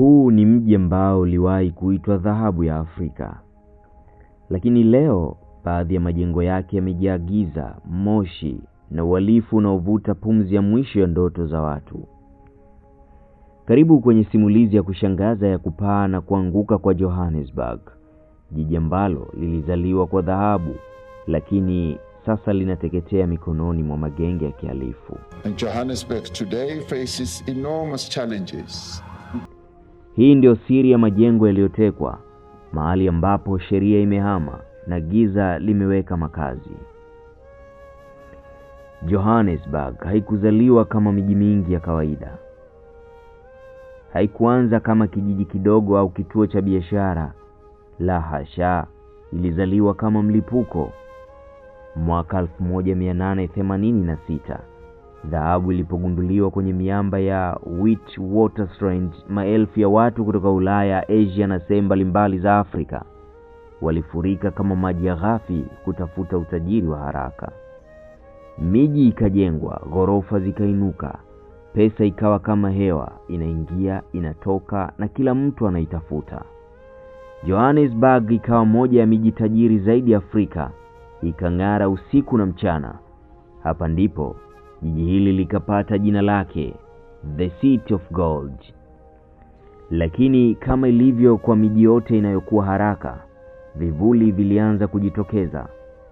Huu ni mji ambao uliwahi kuitwa dhahabu ya Afrika, lakini leo baadhi ya majengo yake yamejaa giza, moshi na uhalifu unaovuta pumzi ya mwisho ya ndoto za watu. Karibu kwenye simulizi ya kushangaza ya kupaa na kuanguka kwa Johannesburg, jiji ambalo lilizaliwa kwa dhahabu lakini sasa linateketea mikononi mwa magenge ya kihalifu. And Johannesburg today faces enormous challenges hii ndio siri ya majengo yaliyotekwa, mahali ambapo sheria imehama na giza limeweka makazi. Johannesburg haikuzaliwa kama miji mingi ya kawaida. Haikuanza kama kijiji kidogo au kituo cha biashara. La hasha, ilizaliwa kama mlipuko mwaka 1886 Dhahabu ilipogunduliwa kwenye miamba ya Witwatersrand, maelfu ya watu kutoka Ulaya, Asia na sehemu mbalimbali za Afrika walifurika kama maji ya ghafi kutafuta utajiri wa haraka. Miji ikajengwa, ghorofa zikainuka, pesa ikawa kama hewa, inaingia inatoka, na kila mtu anaitafuta. Johannesburg ikawa moja ya miji tajiri zaidi Afrika, ikang'ara usiku na mchana. Hapa ndipo Jiji hili likapata jina lake the City of Gold. Lakini kama ilivyo kwa miji yote inayokuwa haraka, vivuli vilianza kujitokeza.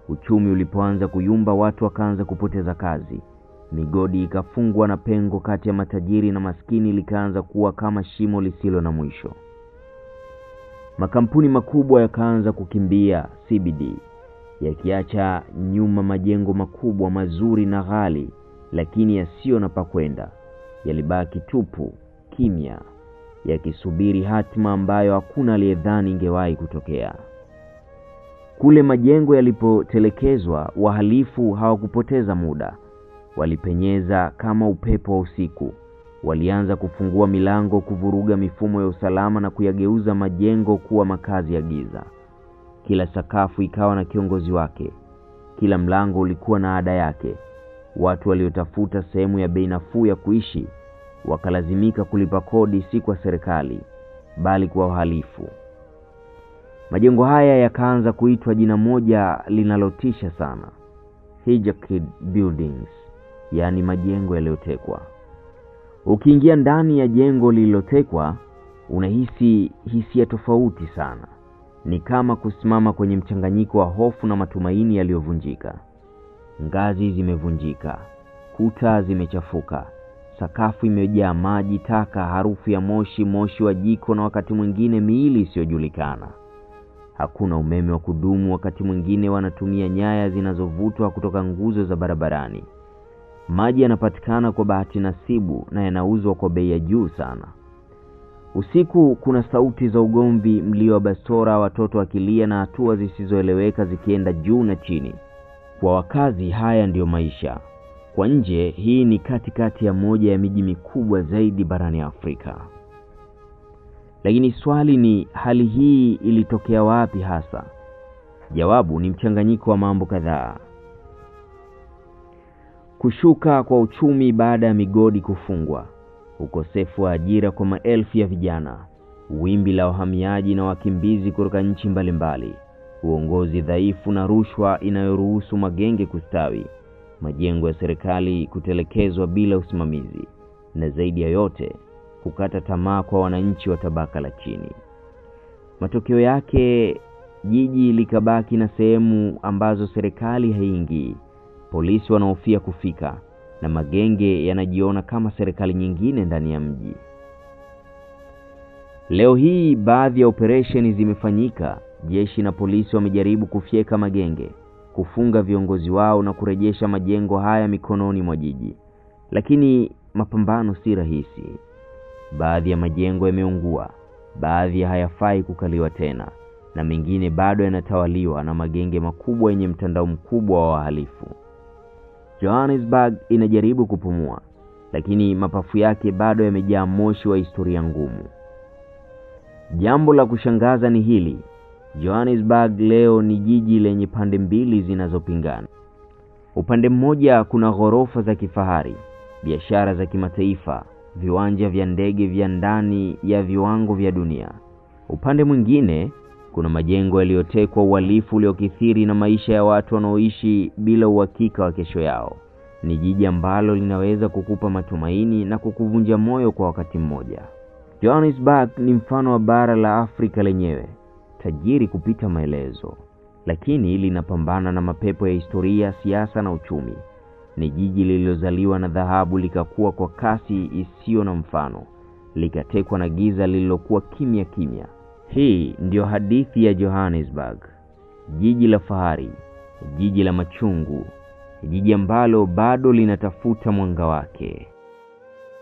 Uchumi ulipoanza kuyumba, watu wakaanza kupoteza kazi, migodi ikafungwa, na pengo kati ya matajiri na maskini likaanza kuwa kama shimo lisilo na mwisho. Makampuni makubwa yakaanza kukimbia CBD, yakiacha nyuma majengo makubwa mazuri na ghali lakini yasiyo na pakwenda yalibaki tupu kimya, yakisubiri hatima ambayo hakuna aliyedhani ingewahi kutokea. Kule majengo yalipotelekezwa, wahalifu hawakupoteza muda, walipenyeza kama upepo wa usiku. Walianza kufungua milango, kuvuruga mifumo ya usalama na kuyageuza majengo kuwa makazi ya giza. Kila sakafu ikawa na kiongozi wake, kila mlango ulikuwa na ada yake, Watu waliotafuta sehemu ya bei nafuu ya kuishi wakalazimika kulipa kodi si kwa serikali bali kwa wahalifu. Majengo haya yakaanza kuitwa jina moja linalotisha sana, hijacked buildings, yaani majengo yaliyotekwa. Ukiingia ndani ya jengo lililotekwa unahisi hisia tofauti sana. Ni kama kusimama kwenye mchanganyiko wa hofu na matumaini yaliyovunjika. Ngazi zimevunjika, kuta zimechafuka, sakafu imejaa maji taka, harufu ya moshi, moshi wa jiko, na wakati mwingine miili isiyojulikana. Hakuna umeme wa kudumu, wakati mwingine wanatumia nyaya zinazovutwa kutoka nguzo za barabarani. Maji yanapatikana kwa bahati nasibu na yanauzwa kwa bei ya juu sana. Usiku kuna sauti za ugomvi, mlio wa bastora, watoto wakilia na hatua zisizoeleweka zikienda juu na chini. Kwa wakazi haya ndiyo maisha. Kwa nje hii ni katikati ya moja ya miji mikubwa zaidi barani Afrika. Lakini swali ni hali hii ilitokea wapi hasa? Jawabu ni mchanganyiko wa mambo kadhaa. Kushuka kwa uchumi baada ya migodi kufungwa, ukosefu wa ajira kwa maelfu ya vijana, wimbi la wahamiaji na wakimbizi kutoka nchi mbalimbali uongozi dhaifu na rushwa inayoruhusu magenge kustawi, majengo ya serikali kutelekezwa bila usimamizi, na zaidi ya yote kukata tamaa kwa wananchi wa tabaka la chini. Matokeo yake jiji likabaki na sehemu ambazo serikali haiingii polisi wanahofia kufika, na magenge yanajiona kama serikali nyingine ndani ya mji. Leo hii baadhi ya operesheni zimefanyika Jeshi na polisi wamejaribu kufyeka magenge, kufunga viongozi wao na kurejesha majengo haya mikononi mwa jiji, lakini mapambano si rahisi. Baadhi ya majengo yameungua, baadhi hayafai kukaliwa tena, na mengine bado yanatawaliwa na magenge makubwa yenye mtandao mkubwa wa wahalifu. Johannesburg inajaribu kupumua, lakini mapafu yake bado yamejaa moshi wa historia ngumu. Jambo la kushangaza ni hili. Johannesburg leo ni jiji lenye pande mbili zinazopingana. Upande mmoja kuna ghorofa za kifahari, biashara za kimataifa, viwanja vya ndege vya ndani ya viwango vya dunia. Upande mwingine kuna majengo yaliyotekwa, uhalifu uliokithiri na maisha ya watu wanaoishi bila uhakika wa kesho yao. Ni jiji ambalo linaweza kukupa matumaini na kukuvunja moyo kwa wakati mmoja. Johannesburg ni mfano wa bara la Afrika lenyewe tajiri kupita maelezo, lakini linapambana na mapepo ya historia, siasa na uchumi. Ni jiji lililozaliwa na dhahabu likakuwa kwa kasi isiyo na mfano, likatekwa na giza lililokuwa kimya kimya. Hii ndiyo hadithi ya Johannesburg, jiji la fahari, jiji la machungu, jiji ambalo bado linatafuta mwanga wake.